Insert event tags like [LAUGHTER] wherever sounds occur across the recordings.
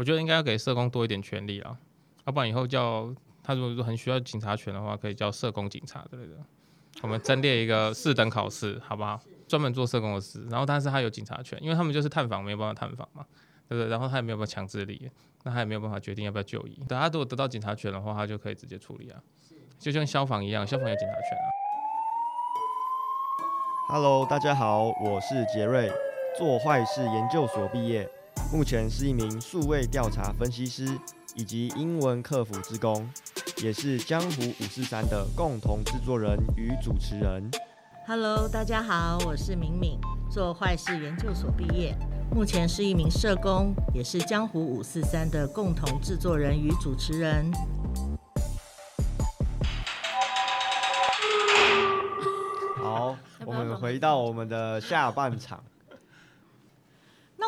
我覺得應該要給社工多一點權利啊，要不然以後叫他，如果說很需要警察權的話，可以叫社工警察之類的。我們爭列一個四等考試，好不好？專門做社工的事。然後，但是他有警察權，因為他們就是探訪，沒有辦法探訪嘛，對不對，對？然後他也沒有辦法強制力，那他也沒有辦法決定要不要就醫。等他如果得到警察權的話，他就可以直接處理啊，就像消防一樣，消防有警察權啊。Hello，大家好，我是杰瑞，做壞事研究所畢業。目前是一名數位調查分析師以及英文客服志工，也是《江湖五四三》的共同製作人與主持人。Hello，大家好，我是鳴敏，做壞事研究所畢業，目前是一名社工，也是《江湖五四三》的共同製作人與主持人。 [LAUGHS] 好，我們回到我們的下半場。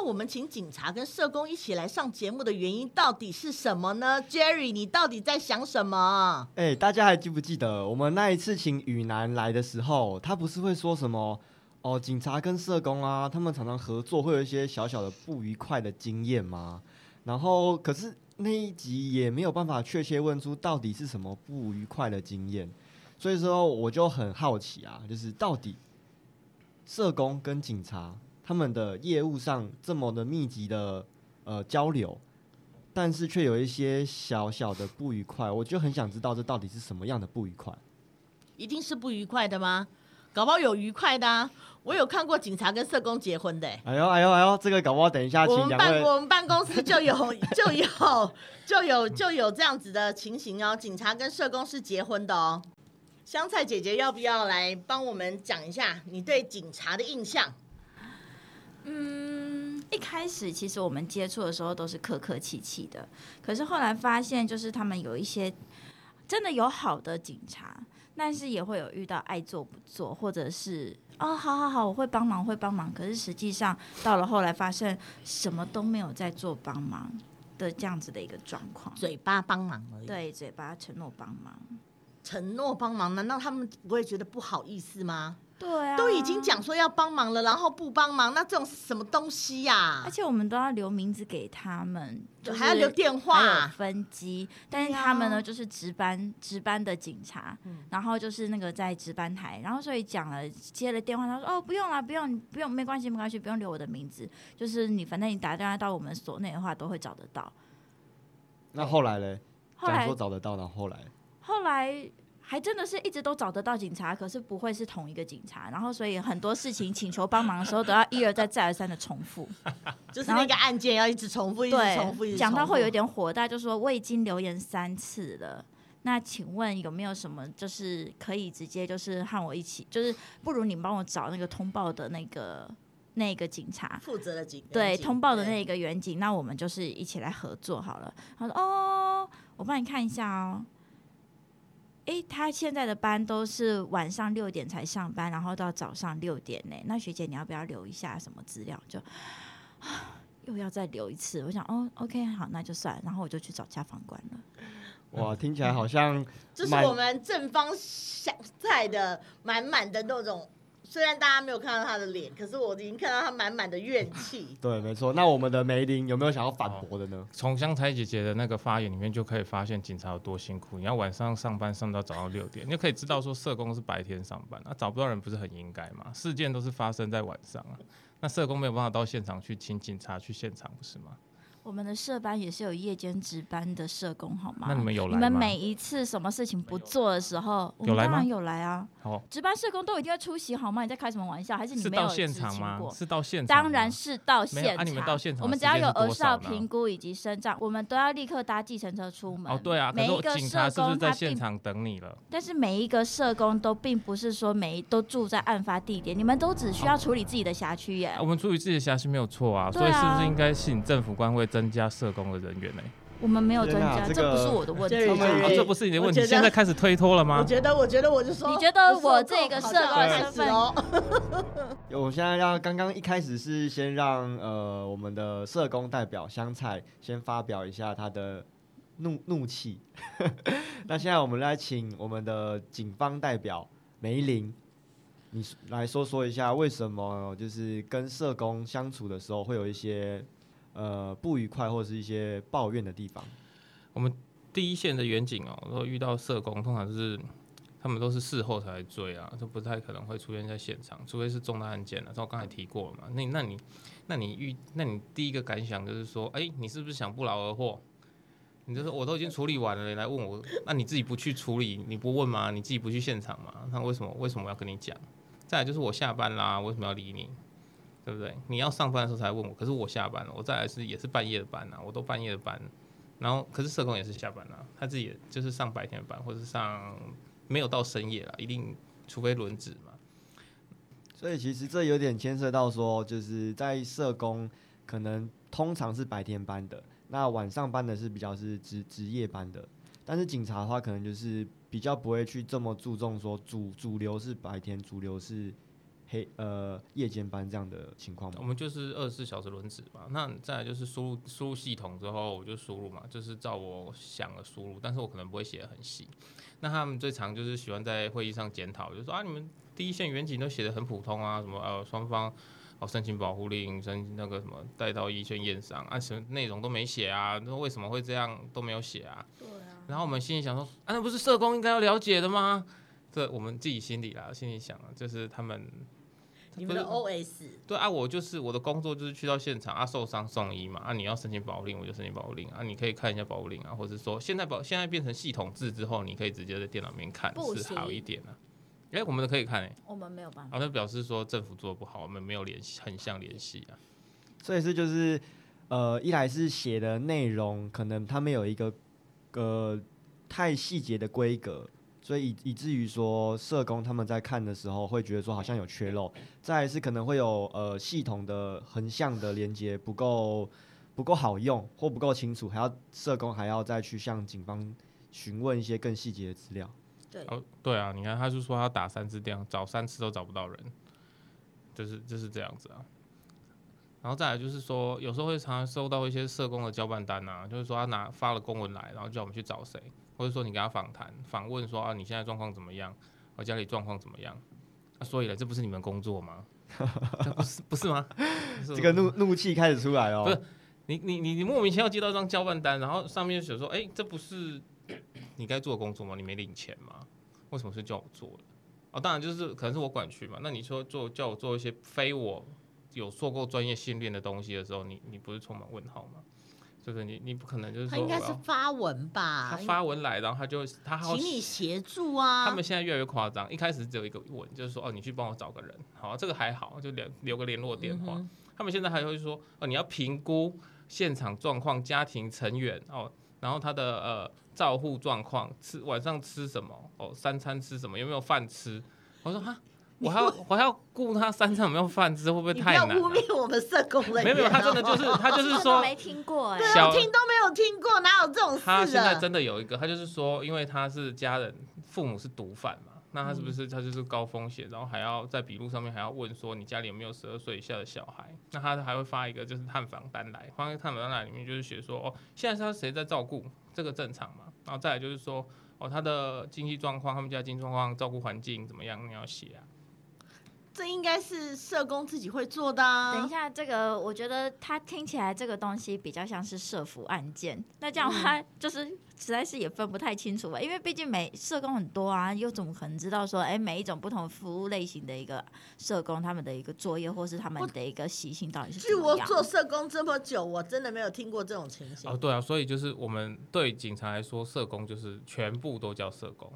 我們請警察跟社工一起來上節目的原因到底是什麼呢？Jerry，你到底在想什麼？哎、欸，大家還記不記得我們那一次請雨男來的時候，他不是會說什麼？哦，警察跟社工啊，他們常常合作，會有一些小小的不愉快的經驗嗎？然後，可是那一集也沒有辦法確切問出到底是什麼不愉快的經驗，所以說我就很好奇啊，就是到底社工跟警察。他們的業務上這麼的密集的呃交流，但是卻有一些小小的不愉快，我就很想知道這到底是什麼樣的不愉快？一定是不愉快的嗎？搞不好有愉快的啊！我有看過警察跟社工結婚的欸。哎呦哎呦哎呦，這個搞不好等一下我們辦我們辦公室就有 [LAUGHS] 就有就有就有這樣子的情形哦，警察跟社工是結婚的哦。香菜姐姐要不要來幫我們講一下你對警察的印象？嗯，一開始其實我們接觸的時候都是客客氣氣的，可是後來發現，就是他們有一些真的有好的警察，但是也會有遇到愛做不做，或者是哦，好好好，我會幫忙，會幫忙，可是實際上到了後來，發現什麼都沒有在做幫忙的這樣子的一個狀況，嘴巴幫忙而已，對，嘴巴承諾幫忙，承諾幫忙，難道他們不會覺得不好意思嗎？對啊，都已經講說要幫忙了，然後不幫忙，那這種是什麼東西呀，啊？而且我們都要留名字給他們，就還要留電話，啊，分機。啊，但是他們呢，就是值班，值班的警察，嗯，然後就是那個在值班檯，然後所以講了接了電話，他說哦，不用了，啊，不用，不用，沒關係，沒關係，不用留我的名字，就是你反正你打電話到我們所內的話，都會找得到。那後來呢？後來說找得到，然後後來後來。後來還真的是一直都找得到警察，可是不會是同一個警察。然後，所以很多事情請求幫忙的時候，都要一而再、再、再而三的重複，就是那個案件要一直重複、後對一直重複、講到會有點火大，就說我已經留言三次了。那請問有沒有什麼就是可以直接就是和我一起，就是不如你幫我找那個通報的那個那個警察負責的警對警通報的那個員警，對那我們就是一起來合作好了。他說哦，我幫你看一下哦。哎、欸，他現在的班都是晚上六點才上班，然後到早上六點呢、欸。那學姐，你要不要留一下什麼資料？就又要再留一次。我想，哦，OK，好，那就算。然後我就去找家防官了。哇，嗯、聽起來好像就是我們正方香菜的滿滿的那種。雖然大家沒有看到他的臉，可是我已經看到他滿滿的怨氣。 [LAUGHS] 對，沒錯。那我們的梅林有沒有想要反駁的呢？從香菜姐姐的那個發言裡面就可以發現，警察有多辛苦。你要晚上上班上到早上六點，你就可以知道說社工是白天上班，那、 [LAUGHS] 啊、找不到人不是很應該嗎？事件都是發生在晚上啊，那社工沒有辦法到現場去，請警察去現場，不是嗎？我們的社班也是有夜間值班的社工，好嗎？那你們有來嗎？你們每一次什麼事情不做的時候，有來嗎？當然有來啊！哦，值班社工都一定要出席，好嗎？你在開什麼玩笑？還是你沒有過？是到現場嗎？是到現場？當然是到現場。那、啊、你們到現場？我們只要有兒少評估以及身障，我們都要立刻搭計程車出門。哦，對啊。每個社工是不是在現場等你了？但是每一個社工都並不是說每都住在案發地點，你們都只需要處理自己的轄區耶。啊、我們處理自己的轄區沒有錯啊，啊所以是不是應該請政府官位？增加社工的人員呢、欸？我們沒有增加，這個、這不是我的問題對對、喔。這不是你的問題，現在開始推脫了嗎？我覺得，我覺得，我就說，你覺得我這個社工的身份？飯飯我現在要剛剛一開始是先讓呃我們的社工代表香菜先發表一下他的怒怒氣。 [LAUGHS] 那現在我們來請我們的警方代表梅林，你來說說一下為什麼就是跟社工相處的時候會有一些。呃，不愉快或是一些抱怨的地方，我們第一線的員警哦，如果遇到社工，通常是他們都是事後才來追啊，就不太可能會出現在現場，除非是重大案件了、啊。像我剛才提過了嘛，那你那你那你遇那你第一個感想就是說，哎、欸，你是不是想不勞而獲？你就是我都已經處理完了，你來問我，那你自己不去處理，你不問嗎？你自己不去現場嗎？那為什麼為什麼我要跟你講？再來就是我下班啦，為什麼要理你？對不對？你要上班的時候才問我，可是我下班了，我再來是也是半夜的班吶、啊，我都半夜的班。然後，可是社工也是下班吶、啊，他自己就是上白天班，或者上沒有到深夜了，一定除非輪值嘛。所以其實這有點牽涉到說，就是在社工可能通常是白天班的，那晚上班的是比較是值值夜班的。但是警察的話，可能就是比較不會去這麼注重說主主流是白天，主流是。黑、hey, 呃夜間班這樣的情況，我們就是二十四小時輪值嘛。那再來就是輸入輸入系統之後，我就輸入嘛，就是照我想的輸入，但是我可能不會寫的很細。那他們最常就是喜歡在會議上檢討，就是、說啊，你們第一線員警都寫的很普通啊，什麼呃雙、啊、方哦、啊、申請保護令，申請那個什麼帶到醫院驗傷啊，什麼內容都沒寫啊，那為什麼會這樣都沒有寫啊？對啊。然後我們心裡想說啊，那不是社工應該要了解的嗎？這我們自己心裡啦，心裡想啊，就是他們。你們的 OS，就是，對啊，我就是我的工作就是去到現場啊，受傷送醫嘛啊，你要申請保護令，我就申請保護令啊，你可以看一下保護令啊，或者是說現在保現在變成系統制之後，你可以直接在電腦面看，不行。是好一點了。啊。誒、欸，我們的可以看，欸，誒，我們沒有辦法、啊。那表示說政府做不好，我們沒有聯繫，很像聯繫啊。所以是就是呃，一來是寫的內容可能他們有一個呃太細節的規格。所以以，以至於說社工他們在看的時候會覺得說好像有缺漏，再來是可能會有呃系統的橫向的連接不夠不夠好用或不夠清楚，還要社工還要再去向警方詢問一些更細節的資料。對，哦，對啊，你看他就說他打三次電話找三次都找不到人，就是就是這樣子啊。然後再來就是說有時候會常常收到一些社工的交辦單啊，就是說他拿發了公文來，然後叫我們去找誰。或者說你給他訪談、訪問說，說啊，你現在狀況怎麼樣？我、啊、家裡狀況怎麼樣？啊、所以了，這不是你們工作嗎？ [LAUGHS] 不是不是嗎？ [LAUGHS] 這個怒怒氣開始出來哦。不是你你你你莫名其妙接到一張交辦單，然後上面寫說，誒、欸，這不是你該做的工作嗎？你沒領錢嗎？為什麼是叫我做的？哦，當然就是可能是我管區嘛。那你說做叫我做一些非我有受過專業訓練的東西的時候，你你不是充滿問號嗎？就是你，你不可能就是說他應該是發文吧，他發文來，然後他就他好請你協助啊。他們現在越來越誇張，一開始只有一個文，就是說哦，你去幫我找個人，好，這個還好，就留，留個聯絡電話。嗯哼。他們現在還會說哦，你要評估現場狀況、家庭成員哦，然後他的呃照護狀況，吃晚上吃什麼哦，三餐吃什麼，有沒有飯吃？我說哈。我還要我還要顧他三餐有沒有飯吃，會不會太難、啊？你要污衊我們社工了、喔？ [LAUGHS] 沒，沒有他真的就是他就是說，沒聽過，對，聽都沒有聽過，哪有這種事？他現在真的有一個，他就是說，因為他是家人父母是毒販嘛，那他是不是他就是高風險？嗯、然後還要在筆錄上面還要問說，你家裡有沒有十二歲以下的小孩？那他還會發一個就是探訪單來，發個探訪單來，裡面就是寫說哦，現在是他誰在照顧？這個正常嘛？然、哦、後再來就是說哦，他的經濟狀況，他們家的經濟狀況，照顧環境怎麼樣？你要寫啊。這應該是社工自己會做的、啊。等一下，這個我覺得他聽起來這個東西比較像是社福案件，那這樣他、嗯、就是實在是也分不太清楚了，因為畢竟每社工很多啊，又怎麼可能知道說，哎，每一種不同服務類型的一個社工他們的一個作業或是他們的一個習性到底是什麼？據我做社工這麼久，我真的沒有聽過這種情形。哦，對啊，所以就是我們對警察來說，社工就是全部都叫社工。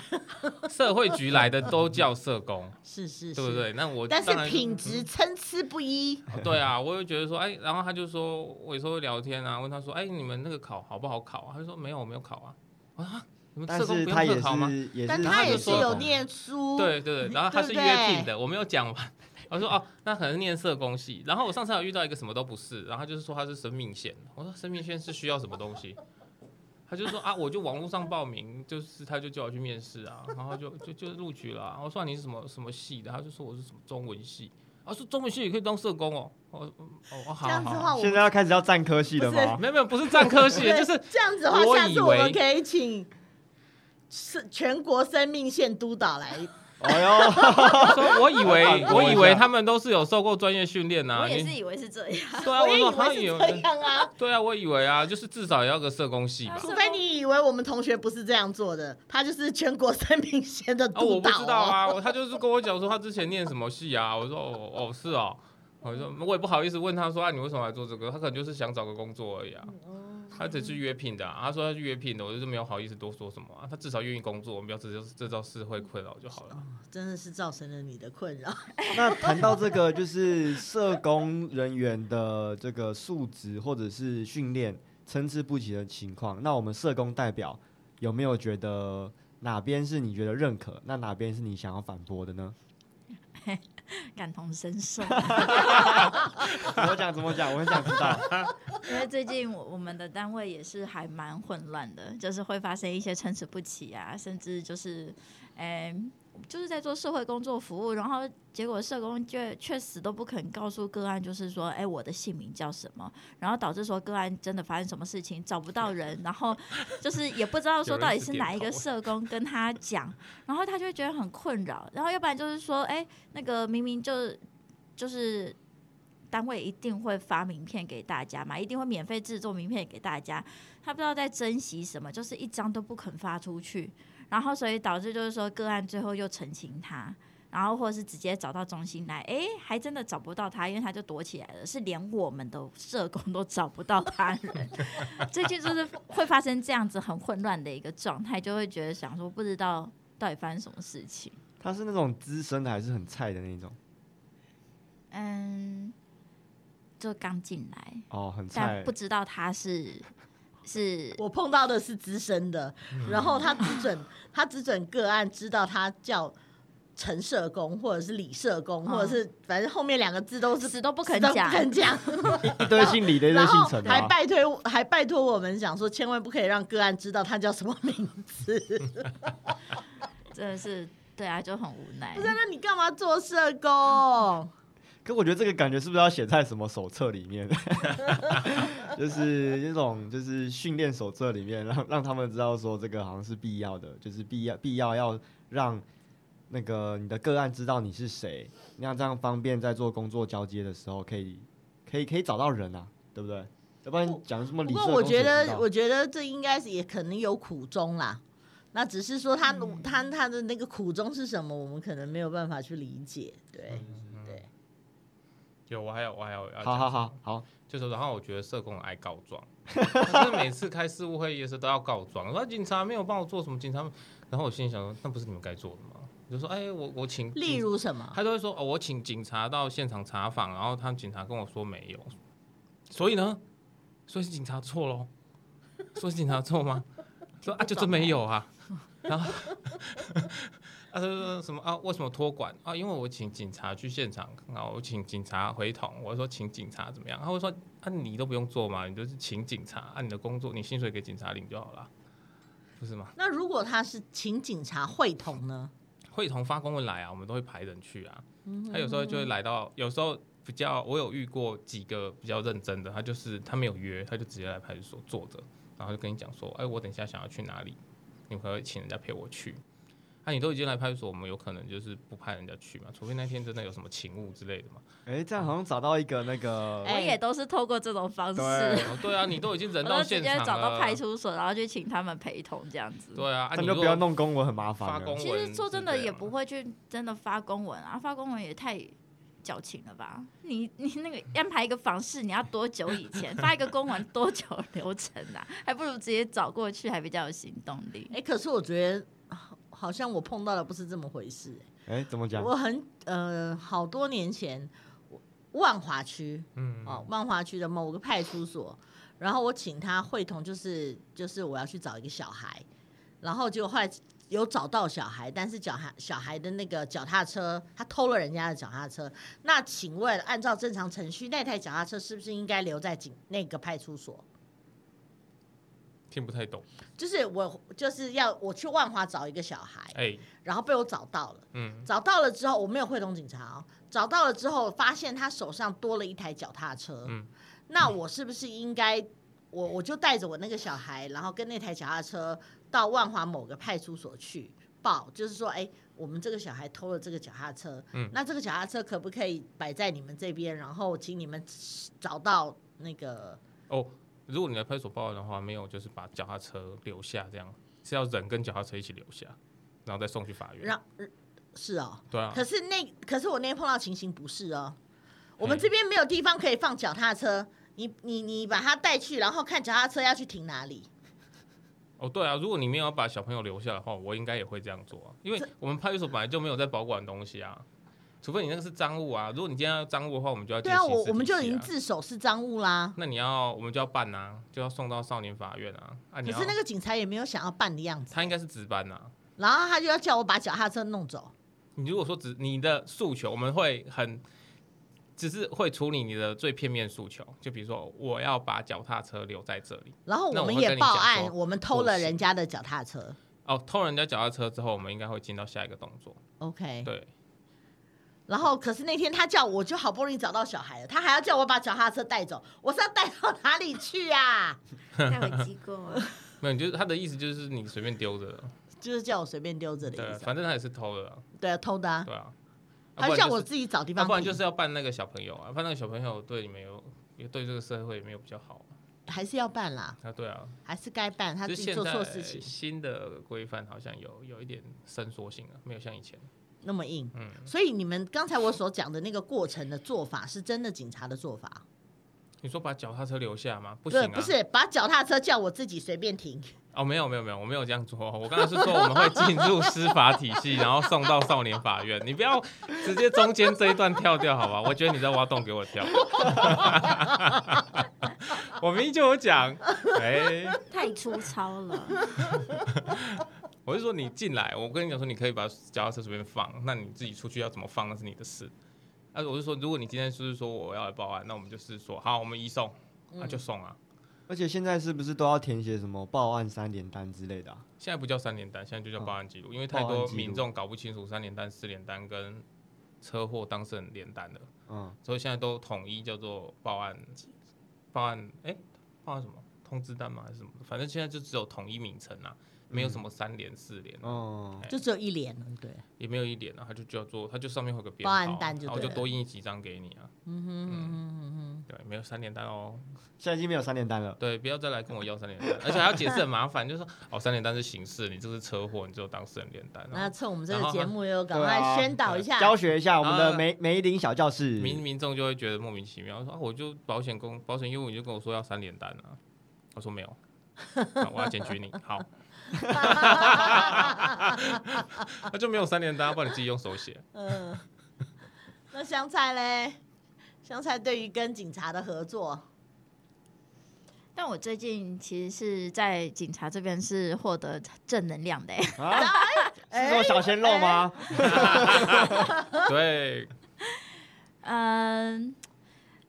[LAUGHS] 社會局來的都叫社工， [LAUGHS] 是,是是，對不對？那我但是品質參差不一。嗯、對啊，我又覺得說，哎，然後他就說我有時候聊天啊，問他說，哎，你們那個考好不好考啊？他就說沒有，我沒有考啊我說。啊，你們社工不用考嗎？但他有有念書。對對對，對對然後他是約聘的，我沒有講完。我說哦、啊，那可能念社工系。 [LAUGHS] 然後我上次有遇到一個什麼都不是，然後他就是說他是生命線。我說生命線是需要什麼東西？ [LAUGHS] 他就說啊，我就網絡上報名，就是他就叫我去面試啊，然後就就就錄取了、啊。然後算你是什麼什麼系的，他就說我是什麼中文系，啊說中文系也可以當社工哦，哦哦，好好好，這樣子的話，現在要開始要戰科系了嗎？沒有沒有，不是戰是科系，對就是這樣子的話，下次我們可以請是全國生命線督導來。哎呦！我 [LAUGHS] [LAUGHS] 我以為我以為他們都是有受過專業訓練吶，也是以為是這樣。對啊，我以為這樣啊。對啊，我以為啊，就是至少也要個社工系。 [LAUGHS] 除非你以為我們同學不是這樣做的，他就是全國生命線的督導喔。哦，我不知道啊，他就是跟我講說他之前念什麼系啊？我說哦哦，是哦。 [LAUGHS] 我說我也不好意思問他說啊，你為什麼來做這個？他可能就是想找個工作而已啊。他只是約聘的，啊，他說他是約聘的，我就沒有好意思多說什麼，啊。他至少願意工作，我們不要這製造社會困擾就好了。真的是造成了你的困擾。 [LAUGHS] 那談到這個，就是社工人員的這個素質或者是訓練參差不齊的情況，那我們社工代表有沒有覺得哪邊是你覺得認可，那哪邊是你想要反駁的呢？感同身受 [LAUGHS] [LAUGHS] 怎，怎麼講怎麼講，我很想知道。 [LAUGHS] 因為最近我，我們的單位也是還蠻混亂的，就是會發生一些參差不齊啊，甚至就是，哎、欸。就是在做社會工作服務，然後結果社工就確實都不肯告訴個案，就是說，哎，我的姓名叫什麼，然後導致說個案真的發生什麼事情找不到人，然後就是也不知道說到底是哪一個社工跟他講，然後他就會覺得很困擾，然後要不然就是說，哎，那個明明就就是單位一定會發名片給大家嘛，一定會免費製作名片給大家，他不知道在珍惜什麼，就是一張都不肯發出去。然後，所以導致就是說，個案最後又澄清他，然後或者是直接找到中心來，哎、欸，還真的找不到他，因為他就躲起來了。是連我們的社工都找不到他最近 [LAUGHS] 就是會發生這樣子很混亂的一個狀態，就會覺得想說，不知道到底發生什麼事情。他是那種資深的，還是很菜的那種？嗯，就剛進來哦，很菜，但不知道他是。是我碰到的是資深的，然後他只準他只準個案知道他叫陳社工或者是李社工，哦、或者是反正後面兩個字都是都不肯講，一堆姓李的，一堆姓陳的， [LAUGHS] 還拜托對還拜托我們講說，千萬不可以讓個案知道他叫什麼名字， [LAUGHS] [LAUGHS] 真的是對啊，就很無奈。不是、啊，那你幹嘛做社工？嗯可我覺得這個感覺是不是要寫在什麼手冊裡面？ [LAUGHS] 就是那種就是訓練手冊裡面讓，讓讓他們知道說這個好像是必要的，就是必要必要要讓那個你的個案知道你是誰，你要這樣方便在做工作交接的時候可以，可以可以可以找到人啊，對不對？哦、要不然講什麼理？不過我覺得，我覺得這應該是也可能有苦衷啦。那只是說他、嗯、他他的那個苦衷是什麼，我們可能沒有辦法去理解，對。嗯有我還有我還有好好好好，好就是然後我覺得社工愛告狀，就 [LAUGHS] 是每次開事務會議時都要告狀， [LAUGHS] 說警察沒有幫我做什麼警察。然後我心裡想說，那不是你們該做的嗎？就說哎、欸，我我請例如什麼，他都會說哦，我請警察到現場查訪，然後他們警察跟我說沒有，所以呢，所以是警察錯咯？所以是警察錯嗎？ [LAUGHS] 說啊就真沒有啊， [LAUGHS] 然後。 [LAUGHS] 他說、啊、什麼啊？為什麼托管啊？因為我請警察去現場，然後我請警察會同。我說請警察怎麼樣？他會說啊，你都不用做嘛，你就是請警察，按、啊、你的工作，你薪水給警察領就好了，不是嗎？那如果他是請警察會同呢？會同發公文來啊，我們都會派人去啊。嗯、哼他有時候就會來到，有時候比較我有遇過幾個比較認真的，他就是他沒有約，他就直接來派出所坐着，然後就跟你講說，哎、欸，我等一下想要去哪裡，你可以請人家陪我去？那、啊、你都已經來派出所，我們有可能就是不派人家去嘛？除非那天真的有什麼勤務之類的嘛？哎、欸，這樣好像找到一個那個，欸、我也都是透過這種方式。對，哦、對啊，你都已經人到現場了，我直接找到派出所，然後去請他們陪同這樣子。對啊，啊你就不要弄公文很麻煩。發公文啊、其實說真的，也不會去真的發公文啊，發公文也太矯情了吧？你你那個安排一個訪視，你要多久以前？ [LAUGHS] 發一個公文多久流程啊？還不如直接找過去，還比較有行動力。哎、欸，可是我覺得。好像我碰到的不是這麼回事，欸。哎、欸，怎麼講？我很呃，好多年前，萬華區，嗯，哦，萬華區的某個派出所，然後我請他會同，就是就是我要去找一個小孩，然後就後來有找到小孩，但是小孩小孩的那個腳踏車，他偷了人家的腳踏車。那請問，按照正常程序，那台腳踏車是不是應該留在警那個派出所？聽不太懂就，就是我就是要我去萬華找一個小孩，欸、然後被我找到了，嗯，找到了之後我沒有會同警察，找到了之後發現他手上多了一台腳踏車，嗯、那我是不是應該我我就帶着我那個小孩，然後跟那台腳踏車到萬華某個派出所去報，就是說，哎、欸，我們這個小孩偷了這個腳踏車，嗯、那這個腳踏車可不可以擺在你們這邊，然後請你們找到那個哦。如果你在派出所報案的話，沒有就是把腳踏車留下，這樣是要人跟腳踏車一起留下，然後再送去法院。讓是啊。喔，對啊。可是那可是我那天碰到情形不是哦。喔，我們這邊沒有地方可以放腳踏車，欸、你你你把它帶去，然後看腳踏車要去停哪裡。哦，對啊，如果你沒有把小朋友留下的話，我應該也會這樣做，啊，因為我們派出所本來就沒有在保管東西啊。除非你那個是贓物啊！如果你今天要贓物的話，我們就要啊對啊，我我們就已經自首是贓物啦。那你要，我們就要辦啊，就要送到少年法院啊。啊可是那個警察也沒有想要辦的樣子。他應該是值班啊。然後他就要叫我把腳踏車弄走。你如果說只你的訴求，我們會很只是會處理你的最片面訴求，就比如說我要把腳踏車留在這裡。然後我們也報案，我，我們偷了人家的腳踏車。哦，偷人家腳踏車之後，我們應該會進到下一個動作。OK，對。然後，可是那天他叫我，就好不容易找到小孩了，他還要叫我把腳踏車帶走，我是要帶到哪裡去啊？帶回機構？ [LAUGHS] 了 [LAUGHS] 沒有，就是他的意思就是你隨便丟着了，就是叫我隨便丟着的意思。反正他也是偷的，啊。對啊，偷的啊。對啊，他叫我自己找地方，不然就是要辦那個小朋友啊，不然辦那個小朋友、啊、以小朋友對你沒有，對這個社會也沒有比較好，啊，還是要辦啦。啊，對啊，還是該辦。他自己做錯事情，新的規範好像有有一點伸縮性啊，沒有像以前那麼硬，嗯、所以你們剛才我所講的那個過程的做法，是真的警察的做法。你說把腳踏車留下嗎？不行、啊，不是把腳踏車叫我自己隨便停。哦，沒有沒有沒有，我沒有這樣做。我剛才是說我們會進入司法體系， [LAUGHS] 然後送到少年法院。你不要直接中間這一段跳掉，好吧？我覺得你在挖洞給我跳。 [LAUGHS] 我明明就有講，哎、欸，太粗糙了。 [LAUGHS] 我是說，你進來，我跟你講說，你可以把腳踏車隨便放，那你自己出去要怎麼放那是你的事。那、啊、我是說，如果你今天就是,是說我要來報案，那我們就是說，好，我們移送，那、嗯啊、就送啊。而且現在是不是都要填寫什麼報案三聯單之類的、啊？現在不叫三聯單，現在就叫報案記錄，嗯、因為太多民眾搞不清楚三聯單、四聯單跟車禍當事人聯單的。嗯。所以現在都統一叫做報案，報案，誒、欸，報案什麼通知單嗎？還是什麼？反正現在就只有統一名稱啦、啊。沒有什麼三連四連哦，就只有一連對，也沒有一連了，他就叫做，他就上面會有個編號，然後就多印幾張給你啊，嗯哼，對，沒有三連單哦，現在已經沒有三連單了，對，不要再來跟我要三連單，而且還要解釋很麻煩，就是說哦，三連單是形式，你這是車禍，你只有當事人連單。那趁我們這個節目也有趕快宣導一下，教學一下我們的梅梅林小教室，民民眾就會覺得莫名其妙，說我就保險公保險業務你就跟我說要三連單了，我說沒有，我要檢舉你，好。哈哈哈哈哈！那 [LAUGHS] [LAUGHS] [LAUGHS] 就沒有三連單，啊，不然你自己用手寫。嗯、 [LAUGHS] 呃，那香菜嘞？香菜對於跟警察的合作，但我最近其實是在警察這邊是獲得正能量的。哈哈哈哈哈！ [LAUGHS] 是說小鮮肉嗎？哈哈哈哈哈！ [LAUGHS] [LAUGHS] 對，嗯，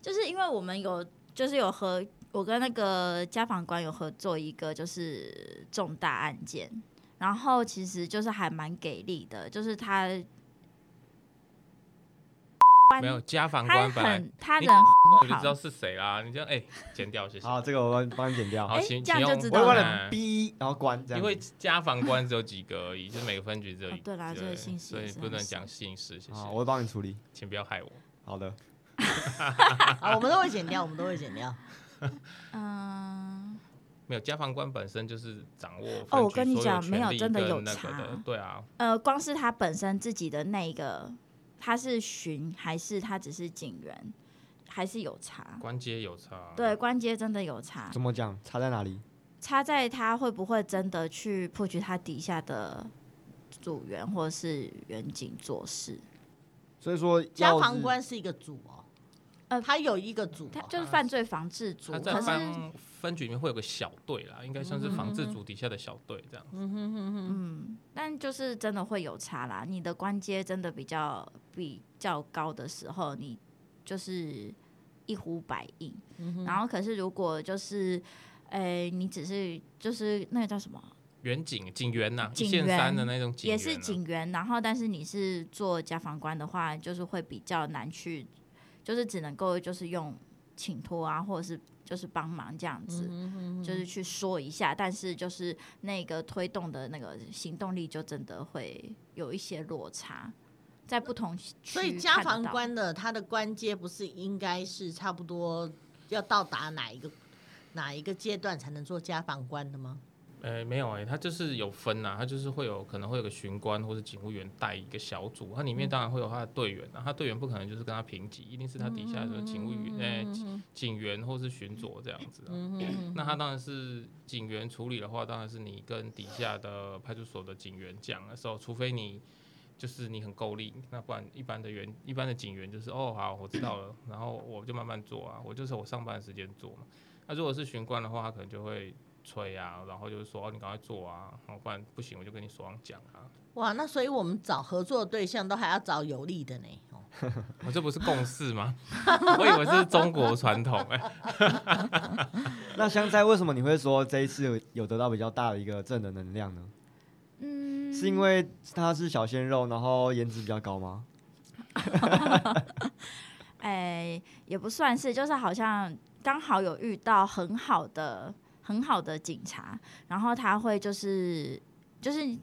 就是因為我們有，就是有和。我跟那個家防官有合作一個就是重大案件，然後其實就是還蠻給力的，就是他沒有家防官，反正他能好，我就知道是誰啦。你就哎，剪掉，謝謝。啊，這個我幫你剪掉。哎，這樣就知道了。B，然後關這樣，因為家防官只有幾個而已，就每個分局這裡對啦，這個姓氏所以不能講姓氏。啊，我會幫你處理，請不要害我。好的，啊，我們都會剪掉，我們都會剪掉。嗯， [LAUGHS] 呃、沒有，家防官本身就是掌握哦。我跟你講，沒有，真的有差，那個的對啊。呃，光是他本身自己的那一個，他是巡還是他只是警員，還是有差？官階有差，對，官階真的有差。怎麼講？差在哪裡？差在他會不會真的去破局他底下的組員或是員警做事？所以說，家防官是一個組哦。呃，他有一個組，啊，呃、他就是犯罪防治組，啊。他在分分局裡面會有個小隊啦，是應該算是防治組底下的小隊這樣子。嗯嗯哼嗯哼嗯，嗯，但就是真的會有差啦。你的官階，真的比較比較高的時候，你就是一呼百應。嗯、哼然後，可是如果就是，呃、欸，你只是就是那個叫什麼？原警警員吶，啊、員一線三的那種警、啊、也是警員。然後，但是你是做家防官的話，就是會比較難去。就是只能夠就是用請托啊，或者是就是幫忙這樣子，嗯哼嗯哼就是去說一下，但是就是那個推動的那個行動力，就真的會有一些落差，在不同區域。所以家防官的，他的官階不是應該是差不多要到達哪一個哪一個階段才能做家防官的嗎？誒、欸，沒有誒、欸，他就是有分吶、啊，他就是會有可能會有個巡官或者警務員帶一個小組，他裡面當然會有他的隊員、啊、他隊員不可能就是跟他平級，一定是他底下的警務員、誒、欸、警員或是巡佐這樣子、啊、那他當然是警員處理的話，當然是你跟底下的派出所的警員講的時候，除非你就是你很夠力，那不然一般的員、一般的警員就是哦，好，我知道了，然後我就慢慢做啊，我就是我上班的時間做嘛。那如果是巡官的話，他可能就會。催呀、啊，然後就是說、哦、你趕快做啊，然後不然不行，我就跟你說講啊。哇，那所以我們找合作的對象都還要找有利的呢。我、哦、這不是共事嗎？ [LAUGHS] 我以為是中國傳統哎、欸。 [LAUGHS] [LAUGHS] 那香菜為什麼你會說這一次有得到比較大的一個正的能，能量呢？嗯，是因為他是小鮮肉，然後顏值比較高嗎？ [LAUGHS] 哎，也不算是，就是好像剛好有遇到很好的。很好的警察，然後他會就是就是，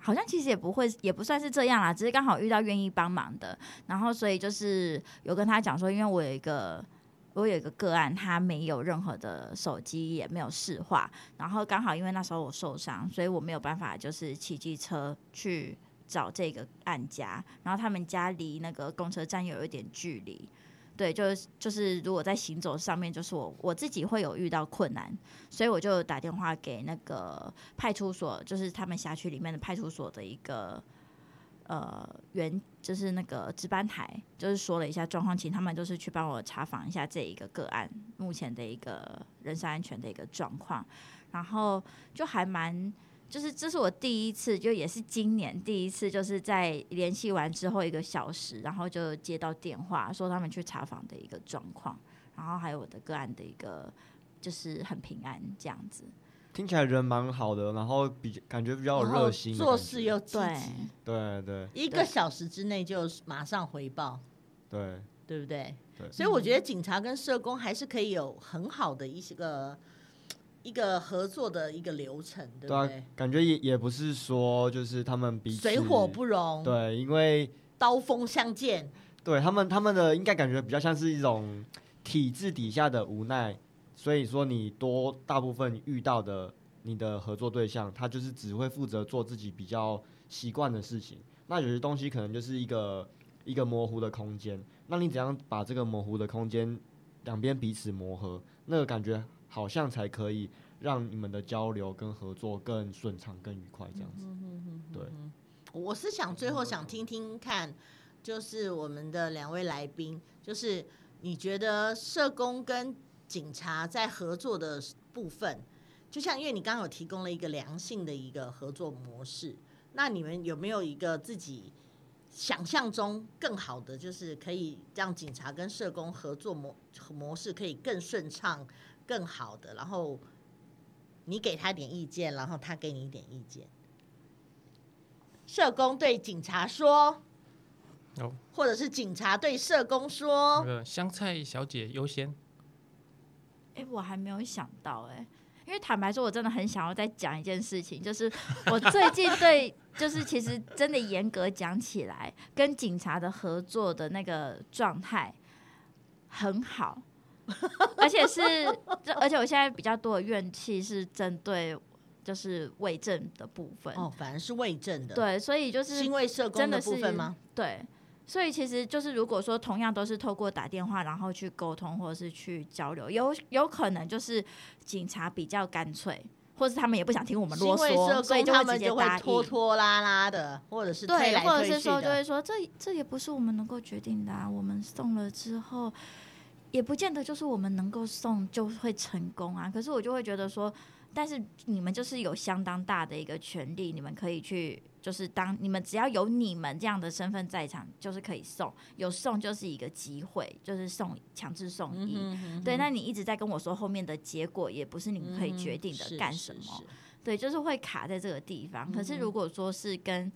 好像其實也不會，也不算是這樣啦，只是剛好遇到願意幫忙的，然後所以就是有跟他講說，因為我有一個我有一個個案，他沒有任何的手機，也沒有市話，然後剛好因為那時候我受傷，所以我沒有辦法就是騎機車去找這個案家，然後他們家離那個公車站有一點距離。對，就是就是，如果在行走上面，就是我我自己會有遇到困難，所以我就打電話給那個派出所，就是他們轄區裡面的派出所的一個呃員，就是那個值班台，就是說了一下狀況，請他們就是去幫我查訪一下這一個個案目前的一個人身安全的一個狀況，然後就還蠻。就是這是我第一次，就也是今年第一次，就是在聯繫完之後，一個小時，然後就接到電話，說他們去查訪的一個狀況，然後還有我的個案的一個，就是很平安這樣子。聽起來人蠻好的，然後比感覺比較有熱心，做事又積極，對，對對。一個小時之內就馬上回報，對對，對不對？對。所以我覺得警察跟社工還是可以有很好的一些個。一個合作的一個流程，對不對？對啊，感覺也也不是說就是他們彼此水火不容，對，因為刀鋒相見，對他們他們的應該感覺比較像是一種體制底下的無奈。所以說，你多大部分遇到的你的合作對象，他就是只會負責做自己比較習慣的事情。那有些東西可能就是一個一個模糊的空間，那你怎樣把這個模糊的空間兩邊彼此磨合？那個感覺好像才可以讓你們的交流跟合作更順暢、更愉快這樣子。對，我是想最後想聽聽看，就是我們的兩位來賓，就是你覺得社工跟警察在合作的部分，就像因為你剛剛有提供了一個良性的一個合作模式，那你們有沒有一個自己？想象中更好的就是可以讓警察跟社工合作模模式可以更順暢、更好的，然後你給他點意見，然後他給你一點意見。社工對警察說：“哦，oh. 或者是警察對社工說：‘香菜小姐優先。’哎、欸，我還沒有想到哎、欸。”因為坦白說，我真的很想要再講一件事情，就是我最近對， [LAUGHS] 就是其實真的嚴格講起來，跟警察的合作的那個狀態很好，而且是，而且我現在比較多的怨氣是針對就是衛政的部分哦，反而是衛政的對，所以就是，真的是，因為社工的部分嗎？對。所以其實就是，如果說同樣都是透過打電話然後去溝通或者是去交流，有有可能就是警察比較乾脆，或者是他們也不想聽我們囉嗦，所以他們就會拖拖拉拉的，或者是對，或者是說就會說這這也不是我們能夠決定的啊，我們送了之後也不見得就是我們能夠送就會成功啊。可是我就會覺得說，但是你們就是有相當大的一個權利，你們可以去，就是當你們只要有你們這樣的身份在場，就是可以送，有送就是一個機會，就是送強制送醫。嗯哼嗯哼。對，那你一直在跟我說後面的結果，也不是你們可以決定的，幹什麼？嗯哼，是是是。對，就是會卡在這個地方。可是如果說是跟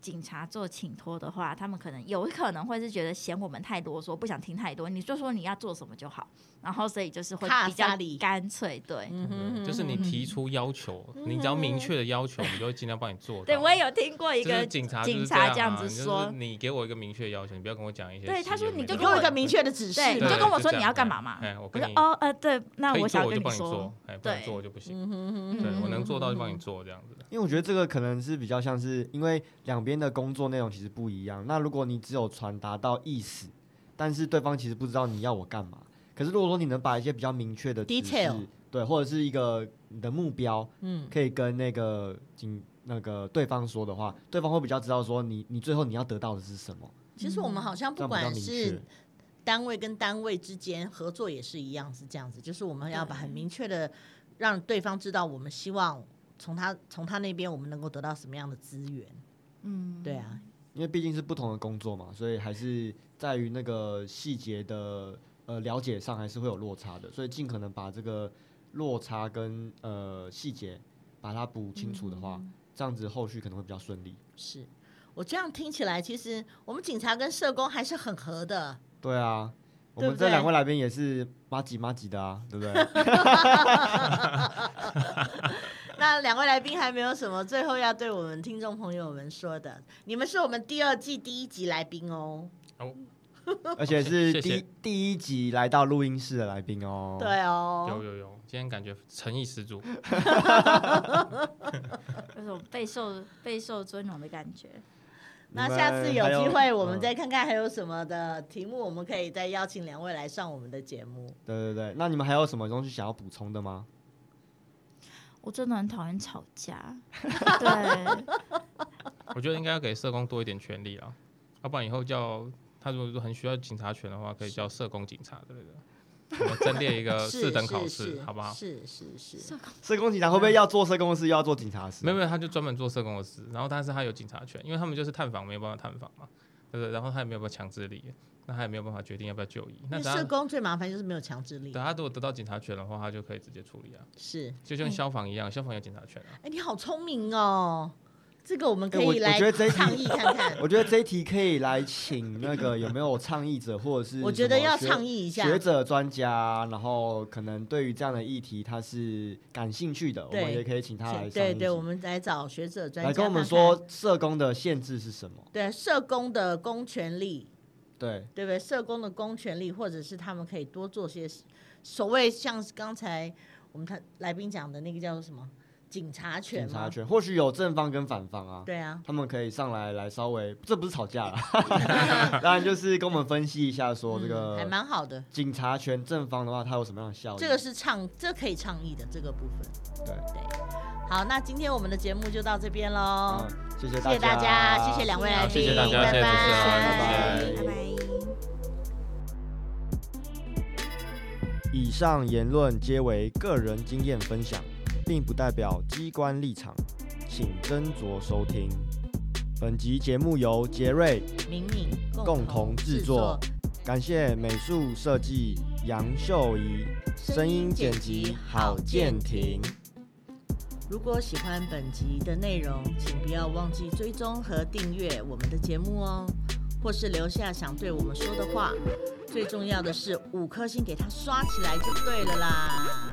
警察做請託的話，嗯哼。他們可能有可能會是覺得嫌我們太囉嗦，不想聽太多，你就說你要做什麼就好。然後，所以就是會比較理乾脆。對、嗯哼，就是你提出要求，嗯、哼你只要明確的要求，我就會盡量幫你做。對我也有聽過一個警察、啊、警察這樣子說，你，你給我一個明確的要求，你不要跟我講一些。對，他說你就給我一個明確的指示，對對你就跟我說你要幹嘛嘛。哎，我，跟你我說哦呃對，那我想我就幫你做，哎不能做我就不行，對，對我能做到就幫你做這樣子。因為我覺得這個可能是比較像是，因為兩邊的工作內容其實不一樣。那如果你只有傳達到意思，但是對方其實不知道你要我幹嘛。可是，如果說你能把一些比較明確的細節，Detail, 對，或者是一個你的目標，嗯，可以跟那個警、嗯、那個對方說的話，對方會比較知道說你你最後你要得到的是什麼。其實我們好像不管是單位跟單位之間合作也是一樣是這樣子，嗯、就是我們要把很明確的讓對方知道我們希望從他從他那邊我們能夠得到什麼樣的資源。嗯，對啊，因為畢竟是不同的工作嘛，所以還是在於那個細節的。呃，了解上還是會有落差的，所以盡可能把這個落差跟呃細節把它補清楚的話，嗯嗯，這樣子後續可能會比較順利。是，我這樣聽起來，其實我們警察跟社工還是很合的。對啊，我們這兩位來賓也是麻吉麻吉的啊，對不對？那兩位來賓還沒有什麼最後要對我們聽眾朋友們說的？你們是我們第二季第一集來賓哦。哦。Oh. [LAUGHS] 而且是第第一集來到錄音室的來賓哦。對哦，有有有，今天感覺誠意十足， [LAUGHS] [LAUGHS] 有種備受備受尊榮的感覺。你們 那下次有機會，我們再看看還有什麼的題目，我們可以再邀請兩位來上我們的節目。 [LAUGHS] 對對對，那你們還有什麼東西想要補充的嗎？我真的很討厭吵架。 [LAUGHS] [LAUGHS] 對，我覺得應該要給社工多一點權利啊，要不然以後叫。他如果很需要警察權的話，可以叫社工警察之類的，我們增列一個四等考試，好不好？是是是，是是是，社工警察會不會要做社工的事，對又要做警察事？沒有沒有，他就專門做社工的事，然後但是他有警察權，因為他們就是探訪，沒有辦法探訪嘛，對不對？然後他也沒有辦法強制力，那他也沒有辦法決定要不要就醫。那社工最麻煩就是沒有強制力。等他如果得到警察權的話，他就可以直接處理啊，是就像消防一樣，哎，消防有警察權啊。哎，你好聰明哦。這個我們可以來倡議看看。我覺得這一題可以來請那個有沒有倡議者或者是？我覺得要倡議一下學者專家，然後可能對於這樣的議題他是感興趣的，對我們也可以請他來。對,對對，我們來找學者專家來跟我們說社工的限制是什麼？對，社工的公權力，對對不對？社工的公權力，或者是他們可以多做些所謂像是剛才我們看來賓講的那個叫做什麼？警察權，警察權，或許有正方跟反方啊。對啊，他們可以上來來稍微，這不是吵架了， [LAUGHS] [LAUGHS] 當然就是跟我們分析一下說，這個還蠻好的。警察權正方的話，它有什麼樣的效果，嗯、這個是倡，這可以倡議的這個部分。對，對好，那今天我們的節目就到這邊嘍，嗯。謝謝大家，謝謝兩謝謝位來賓，謝謝大家拜拜。謝謝。以上言論皆為個人經驗分享，並不代表機關立場，請斟酌收聽。本集節目由傑瑞、鳴敏共同製作，感謝美術設計楊琇詒，聲音剪輯郝建廷。如果喜歡本集的內容，請不要忘記追蹤和訂閱我們的節目哦，或是留下想對我們說的話。最重要的是五顆星給他刷起來就對了啦！